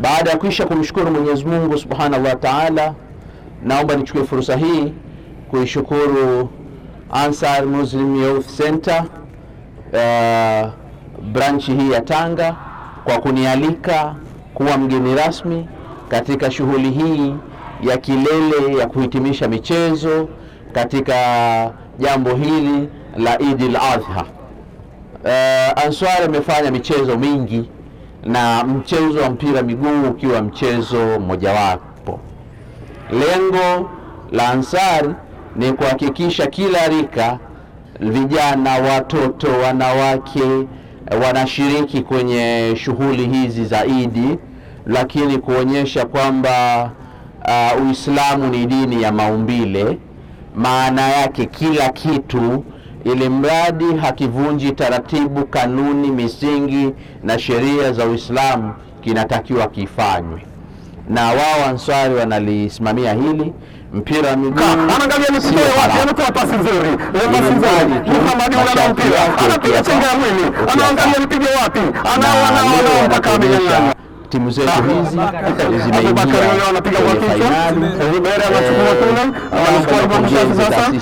Baada ya kuisha kumshukuru Mwenyezi Mungu Subhanahu wa Ta'ala, naomba nichukue fursa hii kuishukuru Ansar Muslim Youth Center uh, branchi hii ya Tanga kwa kunialika kuwa mgeni rasmi katika shughuli hii ya kilele ya kuhitimisha michezo katika jambo hili la Eid al-Adha. Uh, Ansar amefanya michezo mingi na mchezo wa mpira miguu ukiwa mchezo mmojawapo. Lengo la ansar ni kuhakikisha kila rika, vijana, watoto, wanawake wanashiriki kwenye shughuli hizi za Idi, lakini kuonyesha kwamba uh, Uislamu ni dini ya maumbile, maana yake kila kitu ili mradi hakivunji taratibu, kanuni, misingi na sheria za Uislamu, kinatakiwa kifanywe, na wao Answari wanalisimamia hili. Mpira miguu mwili, wapi, timu zetu hizi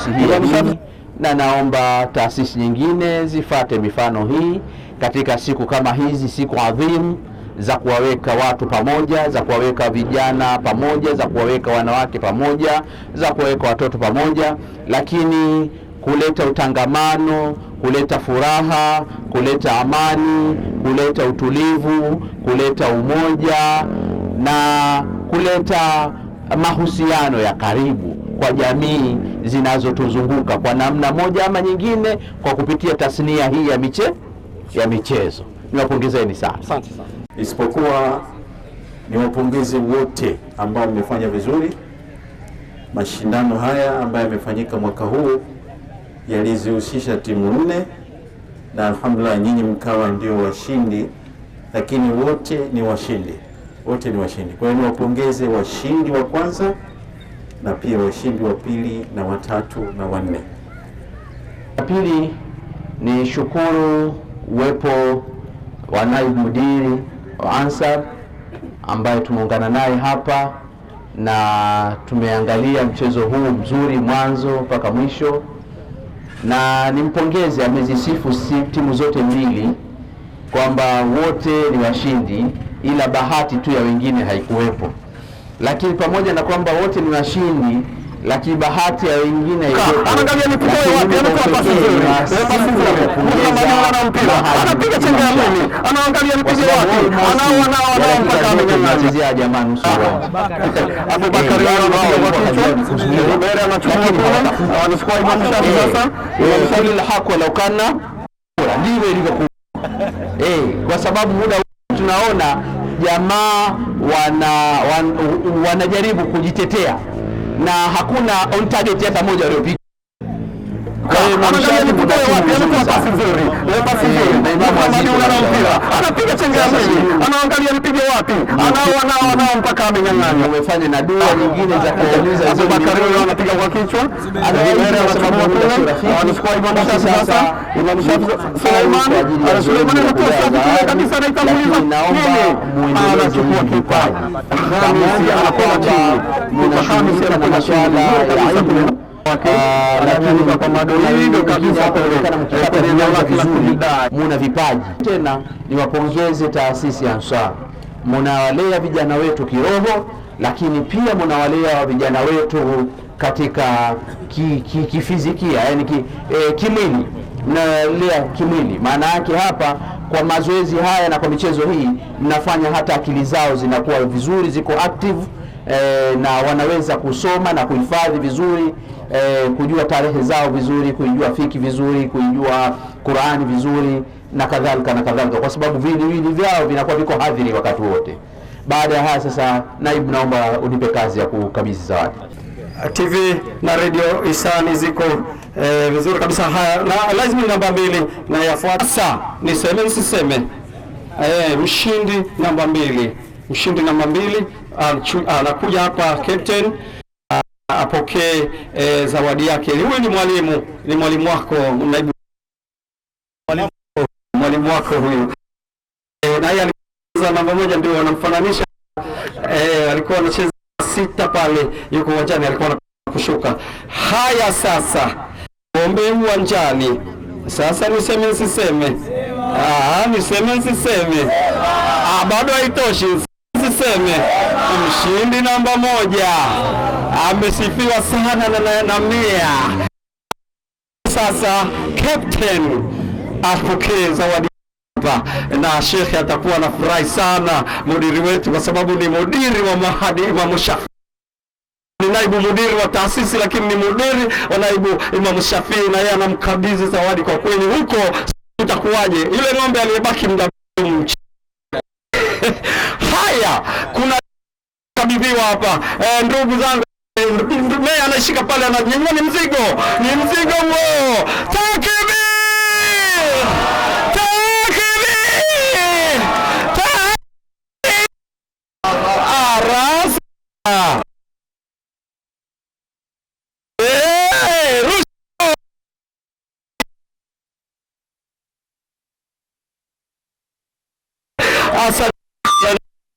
eh, na naomba taasisi nyingine zifate mifano hii katika siku kama hizi, siku adhimu za kuwaweka watu pamoja, za kuwaweka vijana pamoja, za kuwaweka wanawake pamoja, za kuwaweka watoto pamoja, lakini kuleta utangamano kuleta furaha, kuleta amani, kuleta utulivu, kuleta umoja na kuleta mahusiano ya karibu kwa jamii zinazotuzunguka kwa namna moja ama nyingine, kwa kupitia tasnia hii ya miche ya michezo. Niwapongezeni sana, asante sana. Isipokuwa niwapongeze wote ambao mmefanya vizuri mashindano haya ambayo yamefanyika mwaka huu yalizihusisha timu nne na alhamdulillah, nyinyi mkawa ndio washindi, lakini wote ni washindi, wote ni washindi. Kwa hiyo niwapongeze washindi wa kwanza na pia washindi wa pili na watatu na wanne. La pili ni shukuru uwepo wa naibu mdiri wa Ansar ambaye tumeungana naye hapa na tumeangalia mchezo huu mzuri mwanzo mpaka mwisho na nimpongeze, amezisifu timu zote mbili kwamba wote ni washindi, ila bahati tu ya wengine haikuwepo. Lakini pamoja na kwamba wote ni washindi, lakini bahati ya wengine haikuwepo anampiga mpiga anao mpaka amenyamaza. Jamani, anachukua Shafi eh. sasa. Eh. Shafi ndivyo ilivyokuwa eh, kwa sababu muda tunaona jamaa wana, wan, wanajaribu kujitetea na hakuna on target hata moja waliopiga pasi anapiga chenga mwingi, anaangalia nipige wapi, anao anao anao mpaka amenyang'anya. Umefanya na dua nyingine za kuuliza hizo, Bakari anapiga kwa kichwa, anaendelea kuchukua kule, anachukua Imam Shafi sasa, Imam Shafi Suleiman, Suleiman anatoa sasa kabisa, anaitanguliza nini, anachukua kipa Hamisi, chini, Hamisi anakwenda chini kabisa kule Ah, muna vipaji tena. Niwapongeze taasisi ya Answar, munawalea vijana wetu kiroho, lakini pia munawalea vijana wetu katika ki, ki, kifizikia yani ki, eh, kimwili, mnalea kimwili. Maana yake hapa kwa mazoezi haya na kwa michezo hii mnafanya hata akili zao zinakuwa vizuri, ziko active e, na wanaweza kusoma na kuhifadhi vizuri e, kujua tarehe zao vizuri, kuijua fiki vizuri, kuijua Qurani vizuri na kadhalika na kadhalika, kwa sababu viwiliwili vyao vinakuwa viko hadhiri wakati wote. Baada ya haya sasa, naibu, naomba unipe kazi ya kukabidhi zawadi. TV na redio isani ziko eh, vizuri kabisa. Haya, na lazima namba mbili na yafuata. Sasa niseme msiseme, eh, mshindi namba mbili, mshindi namba mbili Um, uh, anakuja hapa captain uh, apokee e, zawadi yake. Huyu ni mwalimu, ni mwalimu wako, naibu mwalimu wako huyu e, na yeye alicheza namba moja, ndio anamfananisha e, alikuwa anacheza sita pale, yuko uwanjani, alikuwa anakushuka. Haya, sasa ombe uwanjani. Sasa niseme nsiseme? Ah, niseme Ah, Bado haitoshi tuseme mshindi namba moja amesifiwa sana na, na mea. Sasa captain apokee zawadi na shekhe atakuwa na furahi sana mudiri wetu, kwa sababu ni mudiri wa Mahadi Imamu Shafii, ni naibu mudiri wa taasisi, lakini ni mudiri wa naibu Imamu Shafi, na yeye anamkabidhi zawadi. Kwa kweli huko utakuwaje? Yule ng'ombe aliyebaki mda haya kuna kabidhiwa hapa e, ndugu zangu Meya anashika pale, ananyanyua, ni mzigo, ni mzigo huo. Takbir, takbir, arasa Asa